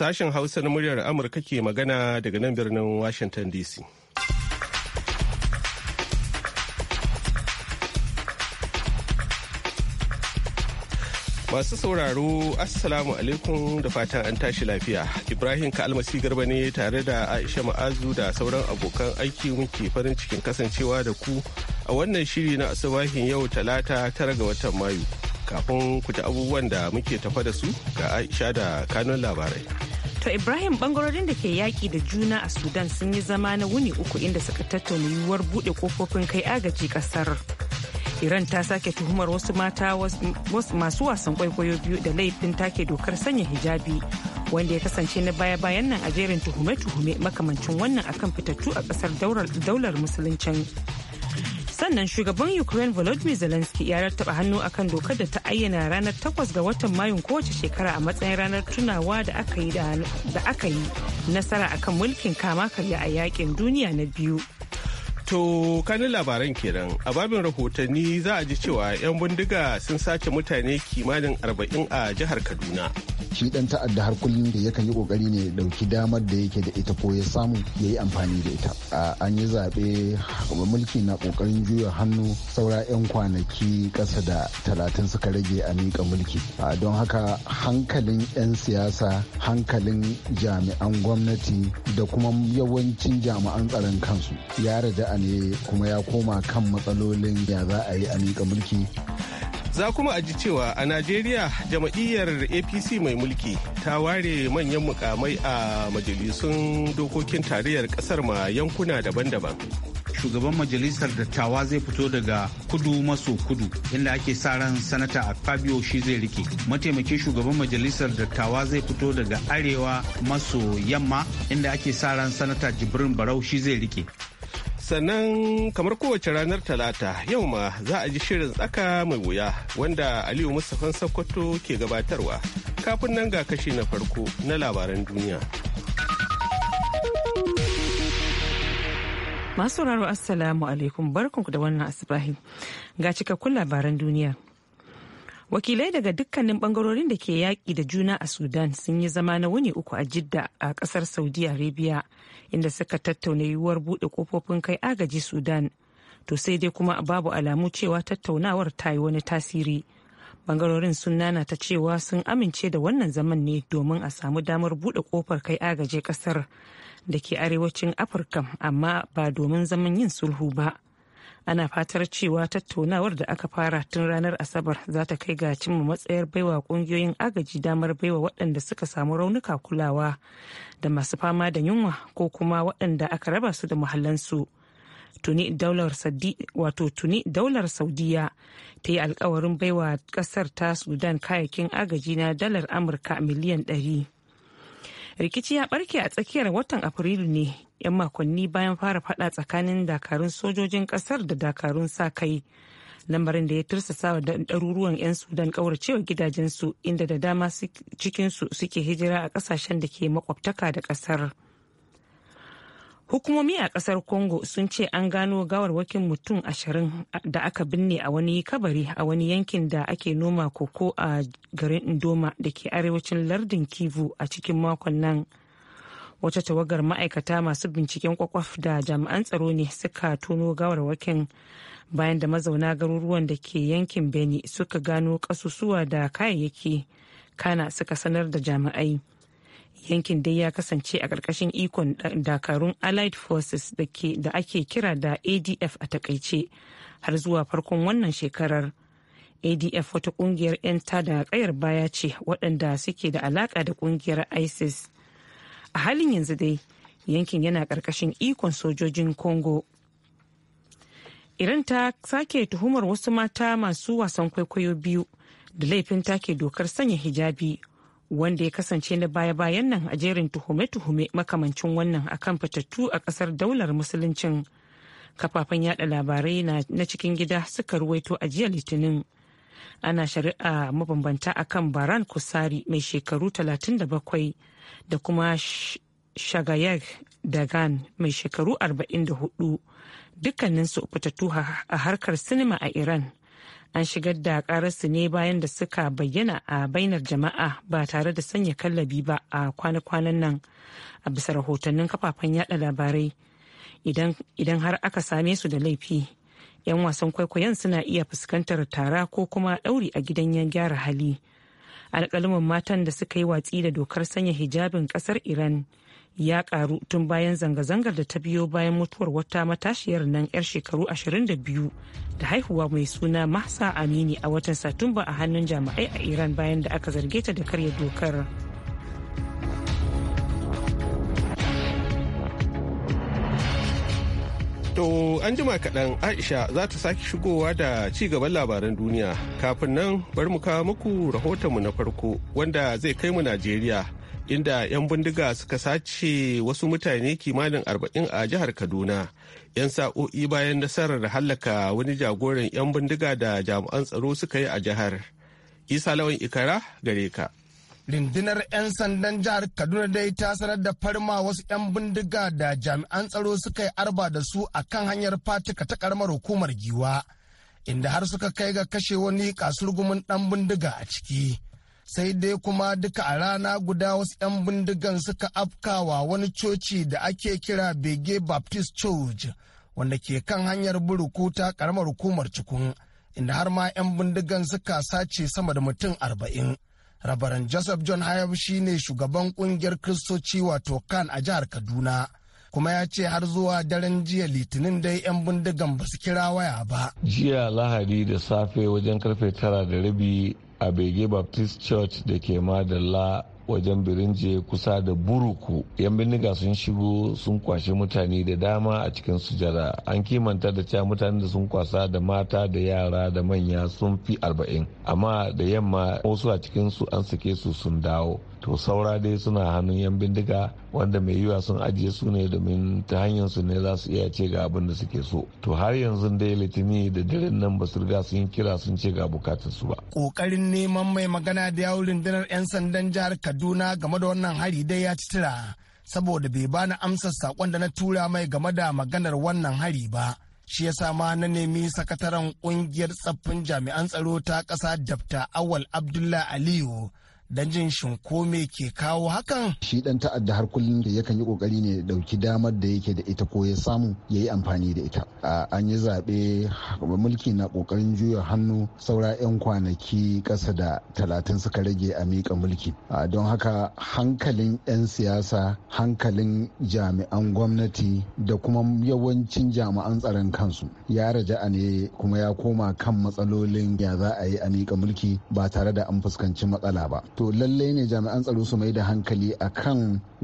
Sashen Hausa na muryar Amurka ke magana daga nan birnin Washington DC. Masu sauraro, Assalamu alaikum da fatan an tashi lafiya. Ibrahim Kalmasi Garba ne tare da Aisha Ma'azu da sauran abokan aiki muke farin cikin kasancewa da ku a wannan shiri na asubahin yau talata tara ga watan Mayu. Kafin ku ji abubuwan da muke tafa da su ga Aisha da kanun labarai. To Ibrahim bangarorin da ke yaƙi da juna a Sudan sun yi zama na wuni uku inda suka tattauna yiwuwar buɗe kofofin kai agaji ƙasar. Iran ta sake tuhumar wasu mata masu wasan kwaikwayo biyu da laifin take dokar sanya hijabi wanda ya kasance na baya-bayan nan a jerin tuhume-tuhume makamancin wannan akan fitattu a ƙasar daular musuluncin. sannan shugaban ukraine volodymyr zelensky ya rattaba hannu akan dokar da ta ayyana ranar 8 ga watan mayun kowace shekara a matsayin ranar tunawa da aka yi nasara akan mulkin kama karya a yakin duniya na biyu To kanin labaran kenan a babin rahotanni za a ji cewa 'yan bindiga sun sace mutane kimanin 40 a jihar Kaduna. shi dan ta'adda har kullum da yakan yi kokari ne ya dauki damar da yake da ita ko ya samu ya yi amfani da ita an yi zaɓe mulki na kokarin juya hannu saura 'yan kwanaki ƙasa da talatin suka rage a miƙa mulki don haka hankalin 'yan siyasa hankalin jami'an gwamnati da kuma yawancin jami'an tsaron kansu ya rada ne kuma ya koma kan matsalolin ya za a yi a miƙa mulki Za kuma aji cewa a Najeriya jama'iyyar APC mai mulki ta ware manyan mukamai a majalisun dokokin tarayyar kasar ma yankuna daban-daban. shugaban majalisar dattawa zai fito daga kudu maso kudu inda ake sa ran sanata a fabio shi zai rike mataimakin shugaban majalisar dattawa zai fito daga arewa maso yamma inda ake sa ran sanata jibrin barau shi zai rike sannan kamar kowace ranar talata yau ma za a ji shirin tsaka mai wuya wanda aliyu mustapha sokoto ke gabatarwa kafin nan ga kashi na farko na labaran duniya masu raro assalamu alaikum barkanku da wannan asibahi ga cikakkun labaran duniya wakilai daga dukkanin bangarorin da ke yaƙi da juna a sudan sun yi zama na wuni uku a jidda a ƙasar saudi arabia inda suka tattauna yiwuwar buɗe kofofin kai agaji sudan to sai dai kuma babu alamu cewa tattaunawar ta yi wani tasiri bangarorin sun nana ta cewa sun amince da wannan zaman ne domin a samu damar buɗe kofar kai agaji ƙasar da ke arewacin afirka amma ba domin zaman yin sulhu ba ana fatar cewa tattaunawar da aka fara tun ranar asabar za ta kai ga cimma matsayar baiwa kungiyoyin agaji damar baiwa waɗanda suka samu raunuka kulawa da masu fama da yunwa ko kuma waɗanda aka raba su da muhallansu tuni daular wato tuni daular saudiya ta yi alkawarin baiwa ƙasar ta sudan kayakin agaji na dalar amurka miliyan ɗari. rikici ya barke a tsakiyar watan afrilu ne yan makonni bayan fara fada tsakanin dakarun sojojin kasar da dakarun sa kai lambarin da ya tursasa wa ɗaruruwan 'yan sudan ƙauracewa gidajensu inda da dama cikinsu suke hijira a ƙasashen da ke makwabtaka da ƙasar. hukumomi a ƙasar congo sun ce an gano gawarwakin mutum ashirin da aka binne a wani kabari a wani yankin da ake noma koko a garin indoma da ke arewacin lardin kivu a cikin makon nan wata tawagar ma'aikata masu binciken kwakwaf da jami'an tsaro ne suka tono gawarwakin bayan da mazauna garuruwan da ke yankin beni suka gano kasusuwa da kayayyaki kana suka sanar da jami'ai yankin dai ya kasance a ƙarƙashin ikon dakarun allied forces da ake kira da adf a takaice har zuwa farkon wannan shekarar adf wata kungiyar 'yan tada kayar baya ce waɗanda suke da alaƙa da ƙungiyar isis a halin yanzu dai yankin yana ƙarƙashin ikon sojojin congo iran ta sake tuhumar wasu mata masu wasan kwaikwayo biyu da laifin take dokar sanya hijabi wanda ya kasance na baya-bayan nan a jerin tuhume-tuhume makamancin wannan akan fitattu a kasar daular musuluncin kafafen yada labarai na cikin gida suka ruwaito a jiya litinin ana shari'a mabambanta a kan baran kusari mai shekaru 37 da kuma shagayag dagan mai shekaru 44 dukkaninsu fitattu a harkar sinima a iran an shigar da kararsu ne bayan da suka bayyana a bainar jama'a ba tare da sanya kallabi ba a kwana-kwanan nan a bisa rahotannin kafafen yada labarai idan har aka same su da laifi 'yan wasan kwaikwayon suna iya fuskantar tara ko kuma ɗauri a gidan yan gyara hali alƙalumin matan da suka yi watsi da dokar sanya hijabin ƙasar iran ya karu tun bayan zanga-zangar da ta biyo bayan mutuwar wata matashiyar nan 'yar shekaru 22 da haihuwa mai suna mahsa amini a watan satumba a hannun jami'ai a iran bayan da aka zarge ta da karya dokar To an jima kaɗan Aisha za ta sake shigowa da ci gaban labaran duniya kafin nan bari mu kawo muku rahotonmu na farko wanda zai kai mu Najeriya inda 'yan bindiga suka sace wasu mutane kimanin arba'in a jihar kaduna 'yan sa'o'i bayan nasarar hallaka wani jagoran 'yan bindiga da jami'an tsaro suka yi a jihar isa lawan ikara gare ka rundunar 'yan sandan jihar kaduna dai ta sanar da farma wasu 'yan bindiga da jami'an tsaro suka yi arba da su a kan hanyar fatika ta karamar hukumar giwa inda har suka kai ga kashe wani kasurgumin dan bindiga a ciki sai dai kuma duka a rana guda wasu 'yan bindigan suka afkawa wani coci da ake kira bege baptist church wanda ke kan hanyar buruku ta karamar hukumar cikun inda har ma 'yan bindigan suka sace sama da mutum arba'in rabaran joseph john hayab shine shugaban kungiyar kristoci wato kan a jihar kaduna kuma ya ce har zuwa daren jiya litinin dai 'yan bindigan ba su kira waya ba. jiya lahadi da safe wajen karfe tara da rabi a bege baptist church da ke madalla wajen birinje kusa da buruku yan bindiga sun shigo sun kwashe mutane da dama a cikin sujada an kimanta da cewa mutane da sun kwasa da mata da yara da manya sun fi arba'in amma da yamma wasu a cikinsu an sake su sun dawo to saura dai suna hannun yan bindiga wanda mai yiwa sun ajiye su ne domin ta hanyar su ne za su iya ce ga abin da suke so to har yanzu dai litini da daren nan ba su riga sun kira sun ce ga bukatun su ba kokarin neman mai magana da yawon rundunar yan sandan jihar kaduna game da wannan hari dai ya ci tira saboda bai bani amsar sakon da na tura mai game da maganar wannan hari ba shi ya ma na nemi sakataren kungiyar tsaffin jami'an tsaro ta ƙasa Dabta awal abdullah aliyu dan jin shin ko me ke kawo hakan. Shi dan ta'adda har kullum da yakan yi kokari ne da dauki damar da yake da ita ko ya samu ya yi amfani da ita. An yi zaɓe mulki na kokarin juya hannu saura 'yan kwanaki ƙasa da talatin suka rage a miƙa mulki. Don haka hankalin 'yan siyasa, hankalin jami'an gwamnati da kuma yawancin jami'an tsaron kansu ya raja'a ne kuma ya koma kan matsalolin ya za a yi a mika mulki ba tare da an fuskanci matsala ba. to lallai ne jami'an tsaro su mai da hankali kan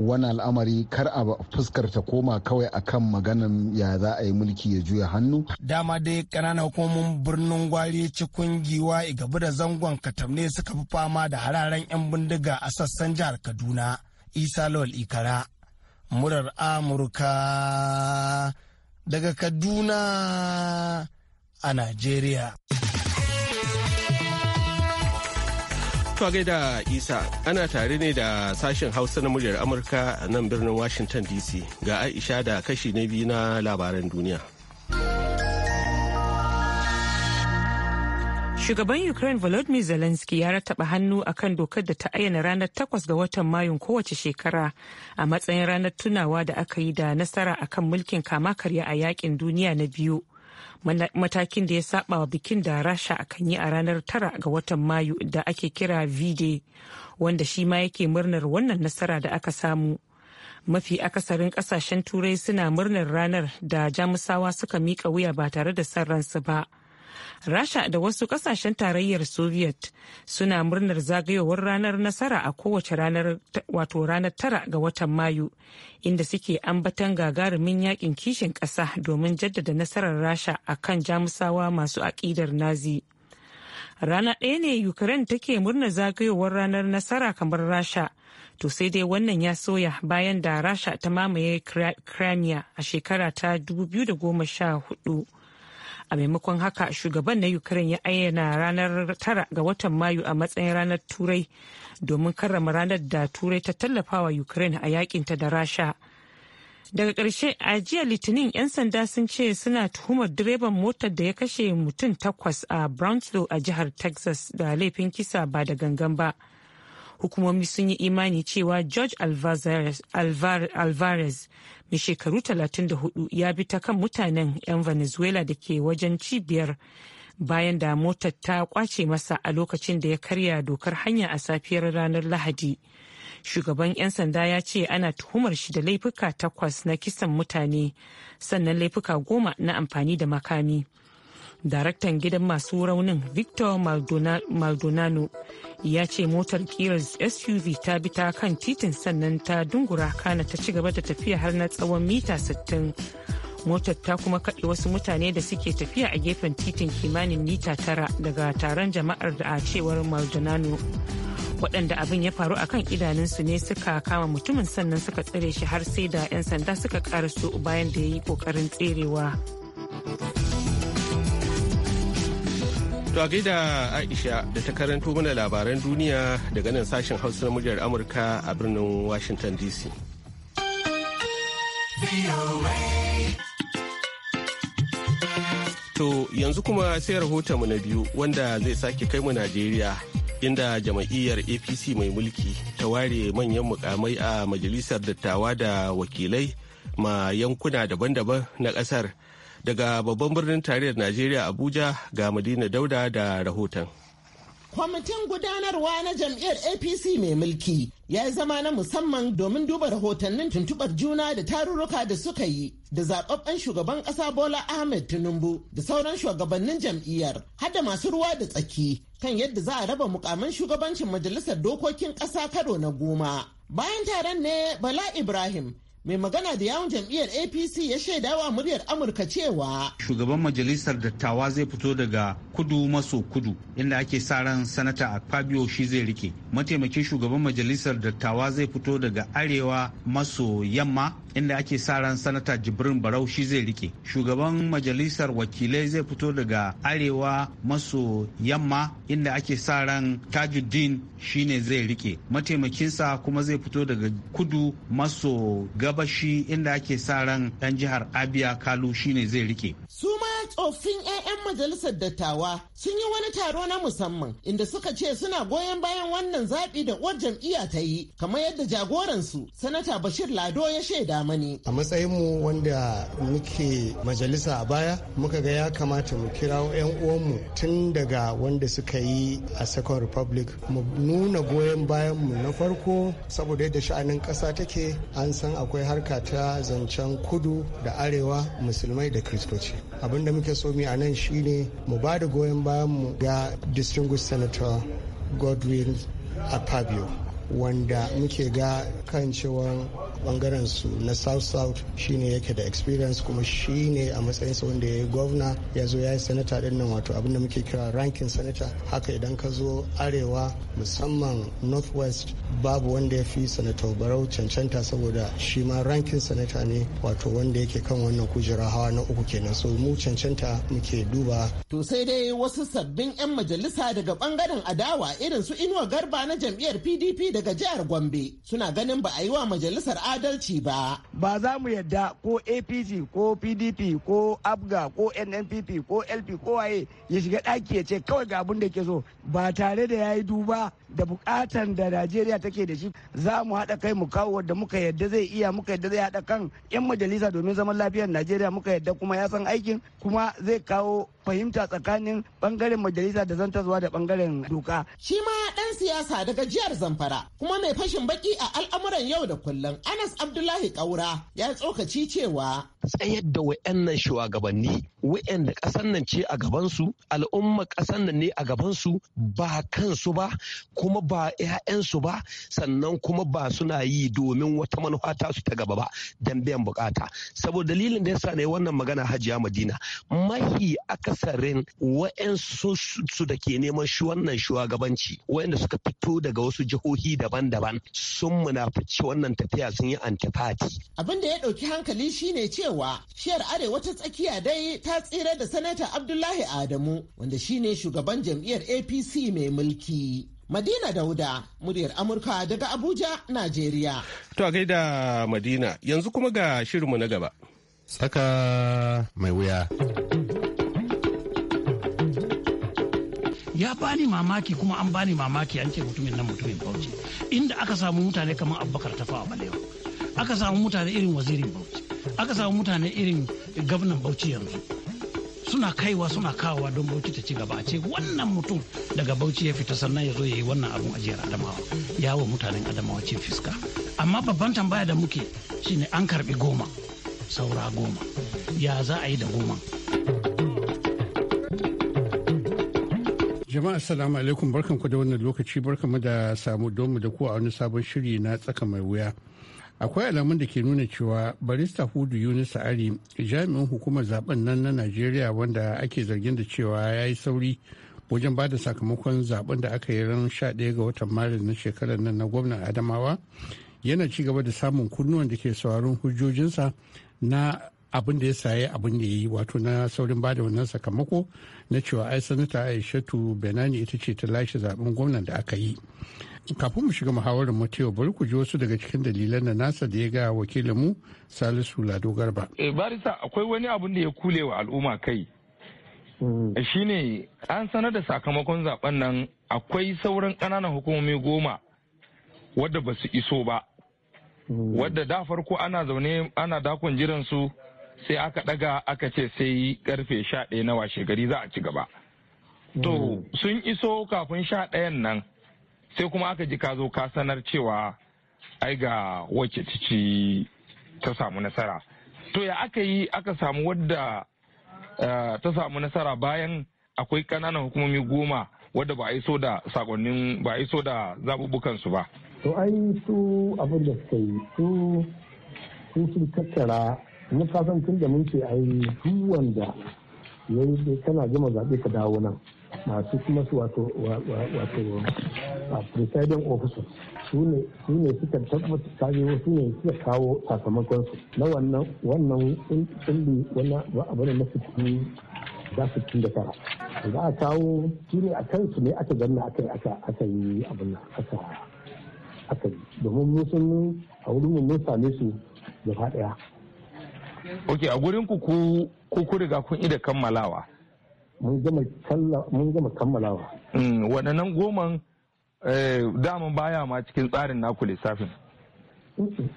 wani al'amari kar a fuskar ta koma kawai a kan maganan ya za a yi mulki ya juya hannu dama dai kanana hukumomin birnin gwari cikin giwa gaba da zangon katamne suka fi fama da hararen 'yan bindiga a sassan jihar kaduna isa lawal ikara murar amurka daga kaduna a nigeria. To gaida Isa ana tare ne da sashen Hausa na muryar Amurka a nan birnin Washington DC ga Aisha da kashi na biyu na labaran duniya. Shugaban Ukraine Volodymyr Zelensky ya rataba hannu akan dokar da ta ayyana ranar takwas ga watan Mayun kowace shekara a matsayin ranar tunawa da aka yi da nasara akan mulkin kama karya a yakin duniya na biyu. matakin da ya saba wa bikin da rasha akan yi a ranar tara ga watan mayu da ake kira vide wanda shi ma yake murnar wannan nasara da aka samu mafi akasarin kasashen turai suna murnar ranar da jamusawa suka miƙa wuya ba tare da san ransu ba rasha da wasu kasashen tarayyar soviet suna murnar zagayowar ranar nasara a kowace ranar wato ranar tara ga watan mayu inda suke ambatan gagarumin yakin kishin kasa domin jaddada nasarar rasha a kan jamusawa masu aƙidar nazi rana ɗaya ne ukraine take murnar zagayowar ranar nasara kamar rasha to sai dai wannan ya soya bayan da rasha ta mamaye crimea a shekara ta 2014 a maimakon haka shugaban na ukraine ya ayyana ranar tara ga watan mayu a matsayin ranar turai domin karrama ranar da turai ta tallafawa ukraine a yakinta da rasha daga ƙarshe a jiya litinin 'yan sanda sun ce suna tuhumar direban motar da ya kashe mutum takwas a brownsville a jihar texas da laifin kisa ba da gangan ba. hukumomi sun yi imani cewa george alvarez, alvarez mai shekaru 34 ya bi ta kan mutanen 'yan venezuela da ke wajen cibiyar bayan da motar ta kwace masa a lokacin da ya karya dokar hanya a safiyar ranar lahadi shugaban 'yan sanda ya ce ana tuhumar shi da laifuka takwas na kisan mutane sannan laifuka goma na amfani da makami daraktan gidan masu raunin victor maldonado ya ce motar kirar suv ta bi ta kan titin sannan ta dungura kana ta ci gaba da tafiya har na tsawon mita 60 motar ta kuma kaɗe wasu mutane da suke tafiya a gefen titin kimanin mita tara daga taron jama'ar da a cewar maldonado waɗanda abin ya faru a kan idanunsu ne suka kama mutumin sannan suka tsare shi har sai da 'yan sanda suka so bayan da ya yi ƙoƙarin tserewa. To a gaida Aisha da ta karanto mana labaran duniya daga nan sashen Hausa na muryar Amurka a birnin Washington DC. To yanzu kuma sai rahotonmu na biyu wanda zai sake kai mu Najeriya inda jama'iyyar APC mai mulki ta ware manyan mukamai a majalisar dattawa da wakilai ma yankuna daban-daban na ƙasar. daga babban birnin tarayyar najeriya abuja ga madina dauda da rahoton kwamitin gudanarwa na jam'iyyar apc mai mulki ya yi zama na musamman domin duba rahotannin tuntubar juna da tarurruka da suka yi da zaɓaɓɓen shugaban ƙasa bola ahmed tinubu da sauran shugabannin jam'iyyar hada masu ruwa da tsaki kan yadda za a raba mukamin shugabancin majalisar dokokin ƙasa karo na goma bayan taron ne bala ibrahim mai magana da yawon jam'iyyar apc ya shaida wa muryar amurka cewa shugaban majalisar dattawa zai fito daga kudu maso kudu inda ake sa ran sanata fabio shi zai rike mataimakin shugaban majalisar dattawa zai fito daga arewa maso yamma inda ake sa ran sanata jibrin barau shi zai rike shugaban majalisar wakilai zai fito daga arewa maso yamma inda ake sa ran tajuddin shine zai rike mataimakinsa kuma zai fito daga kudu maso gab gabashi inda ake sa ran ɗan jihar abia kalu shine zai rike tsofin 'ya'yan majalisar dattawa sun yi wani taro na musamman inda suka ce suna goyon bayan wannan zaɓi da uwar jam'iyya ta yi kamar yadda jagoransu sanata bashir lado ya shaida mani a matsayinmu wanda muke majalisa a baya muka ga ya kamata mu kira 'yan uwanmu tun daga wanda suka yi a second republic mu nuna goyon bayan mu na farko saboda yadda sha'anin ƙasa take an san akwai harka ta zancen kudu da arewa musulmai da kiristoci. abinda muke so mu a nan shine mu ba da goyon bayan mu ga distinguished senator godwin akpabio wanda muke ga kan cewa bangaren su na south south shine yake da experience kuma shine a matsayin sa wanda ya yi gwamna ya zo ya yi sanata din nan wato abinda muke kira rankin sanata haka idan ka zo arewa musamman northwest babu wanda ya fi senator barau cancanta saboda shi ma rankin sanata ne wato wanda yake kan wannan kujera hawa na uku kenan so mu cancanta muke duba to sai dai wasu sabbin 'yan majalisa daga bangaren adawa irin su inuwa garba na jam'iyyar pdp daga jihar Gombe suna ganin ba a yi wa majalisar adalci ba. Ba za mu yadda ko APC ko PDP ko ABGA ko NNPP ko LP ko waye ya shiga ɗaki ya ce kawai ga abun da ke so ba tare da ya yi duba da bukatan da Najeriya take da shi za mu haɗa kai mu kawo wadda muka yadda zai iya muka yadda zai haɗa kan 'yan majalisa domin zaman lafiyar Najeriya muka yadda kuma ya san aikin kuma zai kawo fahimta tsakanin bangaren majalisa da zantarwa da bangaren doka. Shi ma ɗan siyasa daga jihar Zamfara kuma mai fashin baki a al'amuran yau da kullum Anas Abdullahi Kaura ya tsokaci cewa tsayar da wayannan shugabanni wayanda kasan nan ce a gabansu al'umma kasan nan ne a gabansu ba kansu ba kuma ba 'ya'yansu ba sannan kuma ba suna yi domin wata manufa ta su ta gaba ba dan biyan bukata saboda dalilin da yasa ne wannan magana hajiya madina mahi akasarin wa'yansu su da ke neman shi wannan shugabanci wa'yanda suka fito daga wasu jihohi daban-daban sun munafici wannan tafiya sun yi antifati abin da ya ɗauki hankali shine cewa samarwa shiyar arewa ta tsakiya dai ta tsira da sanata abdullahi adamu wanda shine shugaban jam'iyyar apc mai mulki Madina Dauda, muryar Amurka daga Abuja, Najeriya. To a gaida Madina, yanzu kuma ga shirinmu na gaba. Saka mai wuya. Ya bani mamaki kuma an bani mamaki an ce mutumin nan mutumin Bauchi. Inda aka samu mutane kamar Abubakar Tafawa Balewa. Aka samu mutane irin wazirin Bauchi. aka samu mutane irin gwamnan bauchi yanzu suna kaiwa suna kawowa don bauchi ta ci gaba a ce wannan mutum daga bauchi ya fita sannan ya zo ya yi wannan abun ajiyar adamawa ya wa mutanen adamawa ce fiska amma babban tambaya da muke shine an karbi goma saura goma ya za a yi da goma jama'a assalamu alaikum barkanku da wannan lokaci mu da samu domu da ku a wani sabon shiri na tsaka mai wuya akwai alamun da ke nuna cewa barista hudu yunus ari jami'in hukumar zaben nan na najeriya wanda ake zargin da cewa ya yi sauri wajen ba da sakamakon zaben da aka yi ran 11 ga watan maris na shekarar nan na gwamnan adamawa yana ci gaba da samun kunnuwan da ke sauraron hujjojinsa na abin da ya saye abin da ya yi wato na saurin ba da wannan sakamako na cewa ai sanata aishatu benani ita ce ta lashe zaben gwamnan da aka yi kafin mu shiga muhawarar matewa bari ku ji wasu daga cikin dalilan na nasa da ya ga mu salisu lado garba eh, barisa akwai wani abun da ya kule wa al'umma kai mm. shine an sanar da sakamakon zaben nan akwai sauran ƙananan hukumomi goma wadda ba su iso ba mm. wadda da farko ana zaune ana dakon jiran su sai aka daga aka ce sai karfe sha na washe gari za a ci gaba to mm. sun iso kafin sha ɗayan nan sai kuma aka ji ka zo ka sanar cewa ai ga wacce ciki ta samu nasara to ya aka yi aka samu wadda eh, ta samu nasara bayan akwai ƙananan hukumomi goma wadda ba a iso da sakonnin ba a iso da zaɓuɓɓukan su ba to ai su abin da suka yi su su tattara na kasan tun da mun ai su wanda yayi kana gama zaɓe ka dawo nan masu kuma su wato wato presiding officer su ne suka tabbata kajewo su ne suka kawo sakamakon su na wannan wannan kulli wannan masu na za da sittin da tara da a kawo su ne a kansu ne aka ganna aka aka yi abin nan aka aka yi domin mun sun a wurin mun same su gaba daya ok a gurin ku ku ku riga kun ida kammalawa mun gama kammalawa hmm, waɗannan goman Eh, mun baya ma cikin tsarin naku lissafin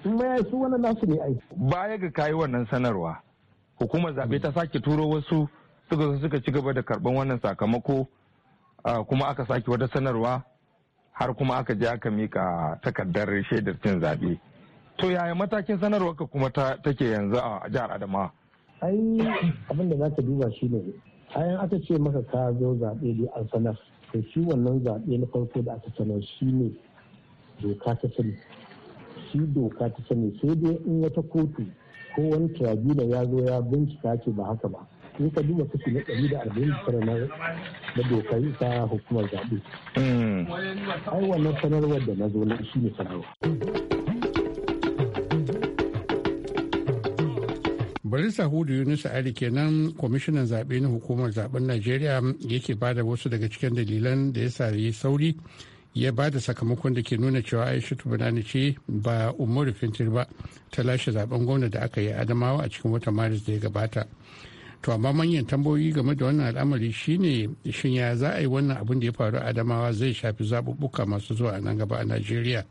su wani nasu ne ai baya ga kayi wannan sanarwa hukumar zaɓe ta sake turo wasu suka suka ci gaba da karɓan wannan sakamako ah, kuma aka sake wata sanarwa har kuma aka je aka mika takardar shaidar cin zaɓe to yaya matakin sanarwa ka kuma take yanzu a jihar adama. ai abin za ka duba shi ne ayan aka ce maka ka zo zaɓe dai an sanar to shi wannan zaɓe na farko da aka sanar shi ne doka ta sani shi doka ta sani sai dai in wata kotu ko wani tribunal ya zo ya bincika ce ba haka ba in ka duba kashi na ɗari da arba'in tara na na dokar ta hukumar zaɓe hmm. ai wannan sanarwar da na zo na shi ne sanarwa barisa hudu yunusa ali kenan kwamishinan zaɓe na hukumar zaben najeriya yake ba da wasu daga cikin dalilan da ya yi sauri ya ba da sakamakon da ke nuna cewa aishatu banani ce ba umaru fintir ba ta lashe zaben gwamna da aka yi adamawa a cikin watan maris da ya gabata to amma manyan tambayoyi game da wannan al'amari shine shin ya za a yi wannan abin da ya faru a adamawa zai shafi zaɓuɓɓuka masu zuwa a nan gaba a najeriya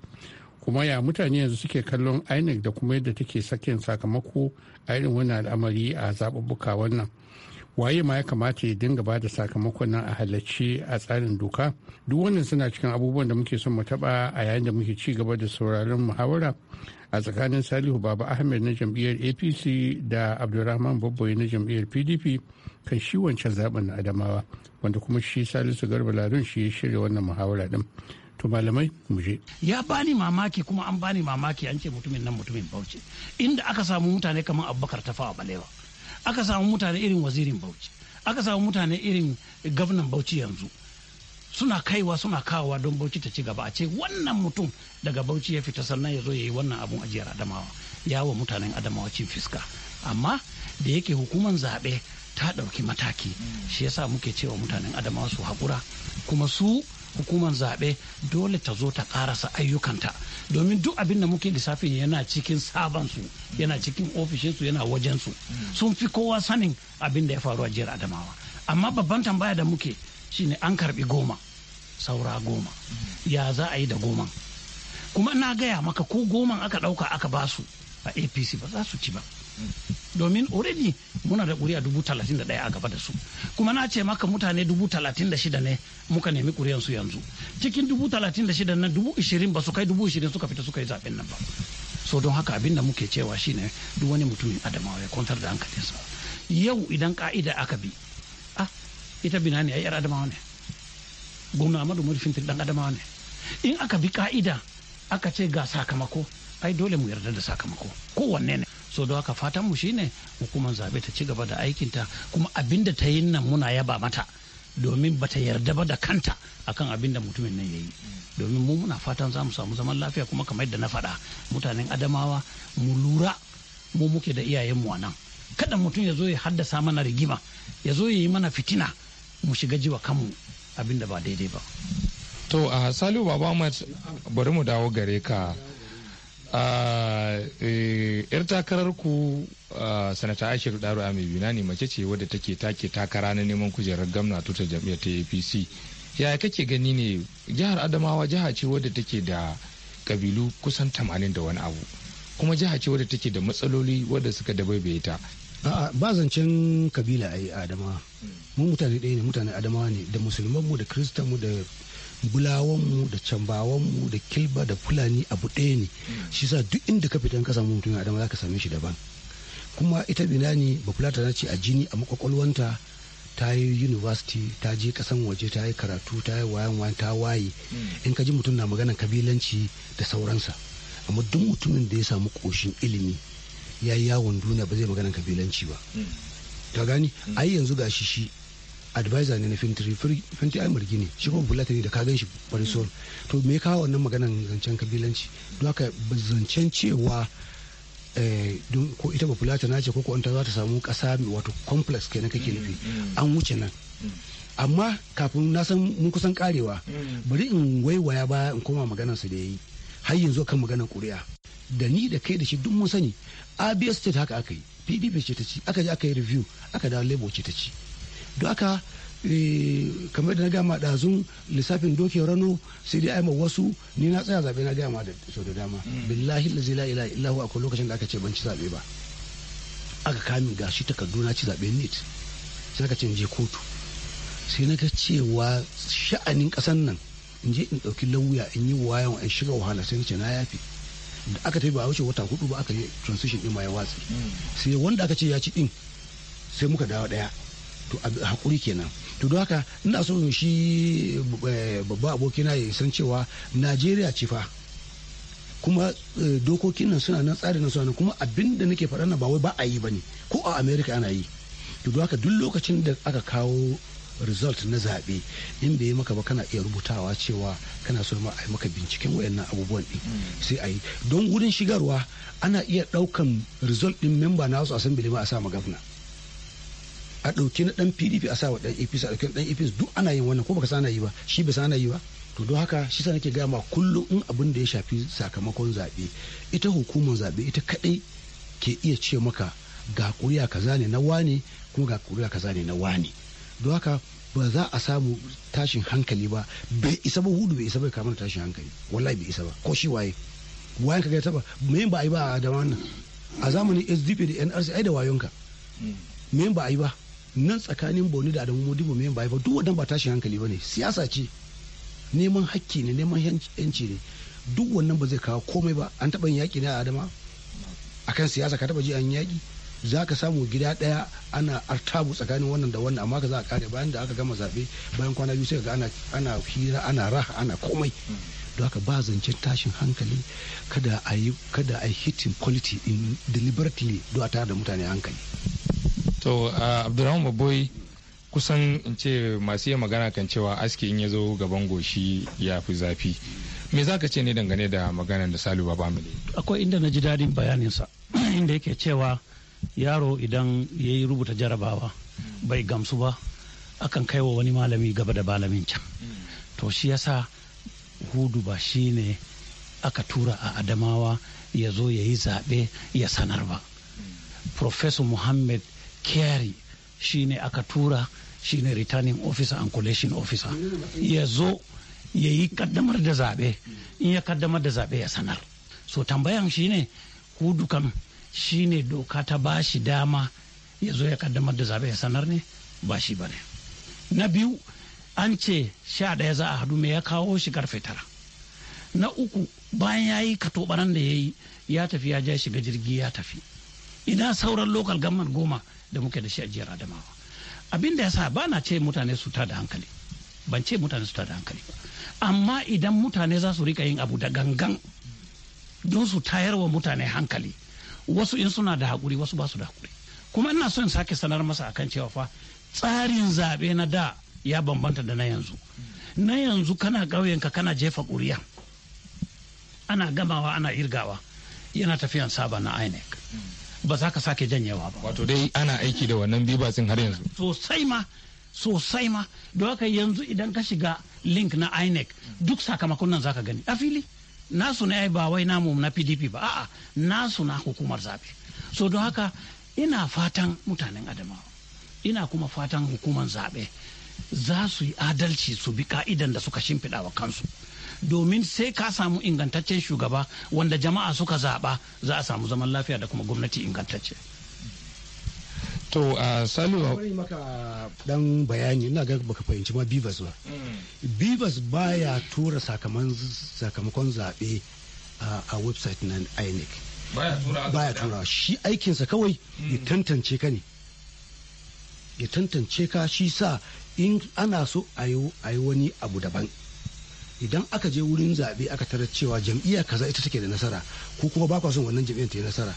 kuma ya mutane yanzu suke kallon inec da kuma yadda take sakin sakamako a irin wannan al'amari a zaɓuɓɓuka wannan waye ma ya kamata ya dinga ba da sakamakon nan a halarci a tsarin doka duk wannan suna cikin abubuwan da muke son mu taɓa a yayin da muke ci gaba da sauraron muhawara a tsakanin salihu baba ahmed na jam'iyyar apc da abdulrahman babbai na jam'iyyar pdp kan shi wancan zaben adamawa wanda kuma shi salisu garba ladun shi ya shirya wannan muhawara din to malamai mu ya bani mamaki kuma an bani mamaki an ce mutumin nan mutumin bauchi inda aka samu mutane kamar abubakar tafawa balewa aka samu mutane irin wazirin bauchi aka samu mutane irin gwamnan bauchi yanzu suna kaiwa suna kawowa don bauchi ta ci gaba a ce wannan mutum daga bauchi ya fita sannan ya zo ya yi wannan abun ajiyar adamawa ya wa mutanen adamawa cin fiska amma da yake hukumar zaɓe ta ɗauki mataki shi yasa muke cewa mutanen adamawa su haƙura kuma su hukumar zaɓe dole ta zo ta ƙarasa ayyukanta domin duk abin da muke lissafin yana cikin sabon sabansu yana cikin ofishinsu yana su sun fi kowa sanin abin da ya faru a jiyar adamawa amma babban tambaya da muke shine an karbi goma saura goma ya za a yi da goma kuma na gaya maka ko goman aka ɗauka aka basu a apc ba za su ci ba domin already muna da kuri'a dubu talatin da daya a gaba da su kuma na ce maka mutane dubu talatin da shida ne muka nemi kuri'an su yanzu cikin dubu talatin da shida nan dubu ishirin ba su kai dubu ishirin suka fita suka yi zaɓen nan ba so don haka abin da muke cewa shine duk wani mutumin adamawa ya kwantar da hankalinsa yau idan ka'ida aka bi ah ita bina ne ai yar adamawa ne gwamna amadu murfin dan adamawa ne in aka bi ka'ida aka ce ga sakamako ai dole mu yarda da sakamako kowanne ne so da haka fatan mu shine hukumar zaɓe ta ci gaba da aikin ta kuma abin da ta yi nan muna yaba mata domin bata yarda ba da kanta akan abin da mutumin nan yayi domin mu muna fatan za mu samu zaman lafiya kuma kamar yadda na faɗa mutanen adamawa mu lura mu muke da iyayenmu a nan kada mutum ya zo ya haddasa mana rigima ya zo ya yi mana fitina mu shiga jiwa kanmu abin da ba daidai ba to a salu baba bari mu dawo gare ka E, yar takarar ku sanata aisha daru a bina ne mace ce wadda take take takara na neman kujerar gamna tuta jami'a ta apc yaya kake gani ne jihar adamawa jiha ce wadda take da kabilu kusan tamanin da wani abu kuma jiha ce wadda take da matsaloli wadda suka dabaibaye ta a'a ba zancen kabila ai adama mun mutane ɗaya ne mutane adama ne da musulman mu da kristan mu da bulawan mu da cambawan mu da kilba da fulani abu ɗaya ne shi sa duk inda ka fitan ka samu mutum adama ka same shi daban kuma ita binani ba ta ce a jini a makwakwalwanta ta yi university ta je kasan waje ta yi karatu ta yi wayan wayan ta waye in ka ji mutum na maganan kabilanci da sauransa amma duk mutumin da ya samu koshin ilimi ya yi yawon duniya ba zai maganan kabilanci ba ta gani ai yanzu ga shi shi advisor ne na fintiri gini ai margi ne shi kuma bulata ne da ka ganshi barisol to me ka wannan maganan zancen kabilanci don haka zancen cewa eh, ko ita ba bulata na ce ko ko ta za ta samu kasa wato complex kenan kake nufi an wuce nan amma kafin na san mun kusan karewa bari in waiwaya baya in koma maganarsa da ya yi. har yanzu kan maganar kuri'a da ni da kai da shi duk mun sani abia state haka aka yi pdp ce ta ci aka je aka yi review aka dawo labour ce ta ci don haka eh, kamar da na gama ɗazun lissafin dokin rano sai dai aima wasu ni na tsaya zaɓe na gama da sau da dama mm. billahi la zila ila illahu akwai lokacin da aka ce ban ci zaɓe ba aka kamin gashi takardu na ci zaɓe nit sai aka ce in je kotu sai na ga cewa sha'anin ƙasan nan in je in ɗauki lauya in yi wayan in shiga wahala sai na ce na yafi da aka tafi ba wuce wata hudu ba aka yi transition din ma ya watsi hmm. sai wanda aka ce ya ci din sai muka dawo ɗaya. to hakuri kenan to don haka ina so shi eh, babba abokina ya san cewa najeriya ce fa kuma eh, dokokin nan suna nan tsarin nan suna nan kuma abinda da nake faɗa na ba wai ba a yi ba ne ko a america ana yi to don haka duk lokacin da aka kawo result na zaɓe in bai yi maka ba kana iya rubutawa cewa kana so ma a yi maka binciken wayannan abubuwan din hmm. sai a yi don gudun shigarwa ana iya ɗaukan result ɗin memba na wasu assembly ma a sa ma gafna a ɗauki na ɗan pdp a sa wa ɗan apc a ɗauki ɗan apc duk ana yin wannan ko baka sana yi ba shi bai sana yi ba to don haka shi sa nake gama kullum in abin da ya shafi sakamakon zaɓe ita hukumar zaɓe ita kaɗai ke iya ce maka ga kuriya kaza ne na wane kuma ga kuriya kaza ne na wane don haka ba za a samu tashin hankali ba bai isa ba hudu bai isa bai kamar tashin hankali wallahi bai isa ba ko shi waye wayan ka ga taba me ba a ba a da wannan a zamanin SDP da NRC ai da wayonka me ba ayi ba nan tsakanin Borno da Adamu Modibo me ba a ba duk wannan ba tashin hankali bane siyasa ce neman hakki ne neman yanci ne duk wannan ba zai kawo komai ba an taɓa yin yaƙi ne a Adama akan siyasa ka taɓa ji an yaki. za ka samu gida daya ana artabu tsakanin wannan da wannan amma ka za a kare bayan da aka gama zaɓe bayan kwana biyu sai ka ana ana hira ana raha ana komai don haka ba zancen tashin hankali kada a yi kada a hitin polity in deliberately don a tare da mutane hankali to abdurrahman baboyi kusan in ce masu yi magana kan cewa aski in ya zo gaban goshi ya fi zafi me za ka ce ne dangane da maganar da salu baba akwai inda na ji daɗin bayaninsa inda yake cewa yaro idan ya yi rubuta jarabawa bai gamsu ba akan kai wa wani malami gaba da malamin can to shi yasa hudu ba shi ne aka tura a adamawa ya zo ya yi zaɓe ya sanar ba professor muhammad kyari shi ne aka tura shi ne returning officer and collation officer ya zo ya yi kaddamar da zaɓe in ya kaddamar da zaɓe ya sanar so tambayan shi ne hudu kan shine doka ta ba shi dama ya zo ya kaddamar da zaɓe ya sanar ne ba shi ba na biyu an ce sha ɗaya za a hadu me ya kawo shi karfe tara na uku bayan ya yi katobaran da ya yi ya tafi ya ja shiga jirgi ya tafi ina sauran lokal gamar goma da muke da shi a jiyar adamawa abin da ya sa ba na ce mutane su ta da hankali ban ce mutane su ta da hankali ba amma idan mutane za su rika yin abu da gangan don su tayar wa mutane hankali wasu in suna da haƙuri wasu ba su da haƙuri kuma ina son sake sanar masa akan cewa fa tsarin zaɓe na da ya bambanta da na yanzu na yanzu kana ƙauyenka kana jefa ƙuri'a ana gamawa ana irgawa yana tafiyan saba na inec ba za ka sake janyewa ba wato dai ana aiki da wannan bibatsin har yanzu sosai ma sosai ma don haka yanzu idan ka shiga link na inec duk sakamakon nan za ka gani a fili nasu ne ba wai namu na pdp ba a'a nasu na hukumar zaɓe so don haka ina fatan mutanen adamawa ina kuma fatan hukumar zaɓe za su yi adalci su bi ka'idan da suka shimfiɗa wa kansu domin sai ka samu ingantaccen shugaba wanda jama'a suka zaɓa za a samu zaman lafiya da kuma gwamnati ingantacce. to a salu wani maka dan bayani ina ga baka fahimci ma bivas ba mm. bivas baya tura sakamakon zaɓe a website na inec baya tura shi aikinsa kawai ya mm. tantance ka ne ya tantance ka shi sa in ana so a yi wani abu daban idan aka je wurin zaɓe aka tarar cewa jam'iyya kaza ita take da nasara ko kuma ba son wannan jam'iyyar ta yi nasara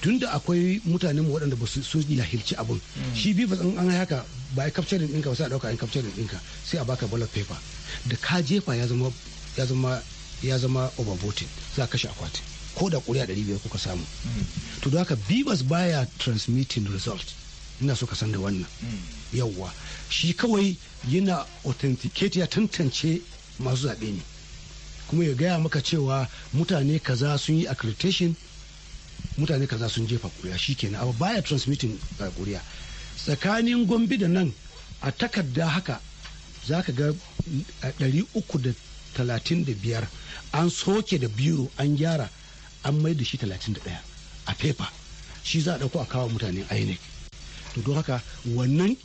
tunda akwai mutanen mu waɗanda ba su sun yahilci abun shi bi in an haka ba a din ɗinka ba sai a ɗauka an din ɗinka sai a baka ballot paper da ka jefa ya zama ya zama ya zama overvoting za a kashe akwati. ko da ƙuri'a ɗari biyar kuka samu mm. to don haka bibas baya transmitting result ina so ka san da wannan mm. yawwa shi kawai yana authenticate ya tantance masu zaɓe ne kuma ya gaya maka cewa mutane kaza sun yi accreditation mutane kaza sun jefa kuriya shikenan abu baya transmitting kuriya uh, tsakanin gombe da nan a takarda haka za ka ga uh, biyar an soke da biro an gyara an mai da shi 31 a fefa shi za a dauko a kawo mutane inec to don haka wannan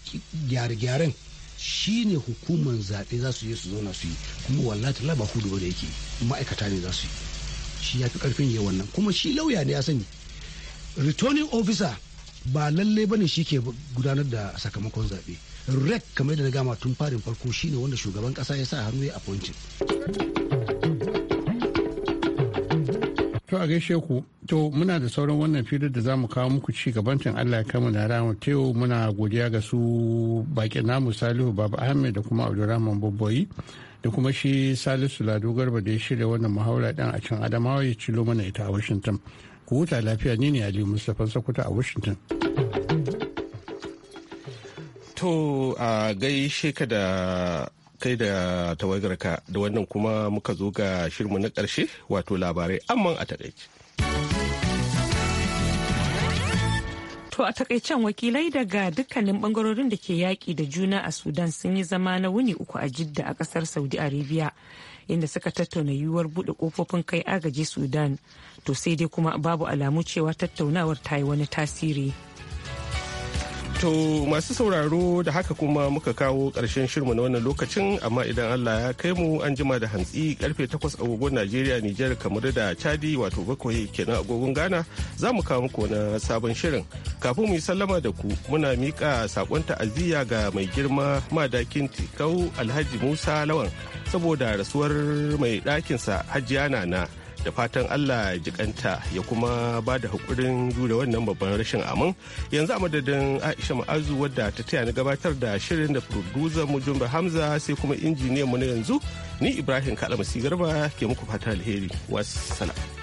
gyare-gyaren shi ne hukumar zaɓe za su yi su zauna su yi kuma wallata laba hudu da yake ma'aikata ne za su yi shi ya fi karfin yi wannan kuma shi lauya ne ya sani returning officer ba lalle bane shi ke gudanar da sakamakon zaɓe rec kamar da na gama tun farin farko shine wanda shugaban ƙasa ya sa hannu ya appointing to a gaishe ku to muna da sauran wannan filin da za mu kawo muku ci gabancin allah ya kama da rama teo muna godiya ga su bakin namu salihu baba ahmed da kuma abdulrahman bobboyi da kuma shi salisu lado garba da ya shirya wannan muhawarar din a can adamawa ya cilo mana ita a washington ku huta lafiya ni ne aliyu mustapha sokoto a washington to a gaishe ka da kai da tawagarka da wannan kuma muka zo ga shirmu na ƙarshe wato labarai amma a takaice To a takaicen wakilai daga dukkanin bangarorin da ke yaƙi da juna a Sudan sun yi zama na wuni uku a Jidda a ƙasar Saudi Arabia inda suka tattauna yiwuwar buɗe ƙofofin kai agaji Sudan to sai dai kuma babu alamu cewa tattaunawar ta yi wani tasiri. Wato masu sauraro da haka kuma muka kawo ƙarshen shirmu na wannan lokacin amma idan Allah ya kai mu an jima da hantsi karfe takwas agogon Najeriya Nijar kamar da Chadi wato bakwai kenan agogon Ghana za mu kawo muku na sabon shirin. Kafin mu yi sallama da ku muna miƙa sakon ta'aziyya ga mai girma madakin Tikau Alhaji Musa Lawan saboda rasuwar mai ɗakinsa Hajiya na. da fatan Allah ya jikanta ya kuma ba da haƙurin jure wannan babban rashin amin yanzu a madadin Aisha Ma'azu wadda ta taya ni gabatar da shirin da producer mu Jumbe Hamza sai kuma injiniyan mu na yanzu ni Ibrahim Kalamasi Garba ke muku fatan alheri wassalam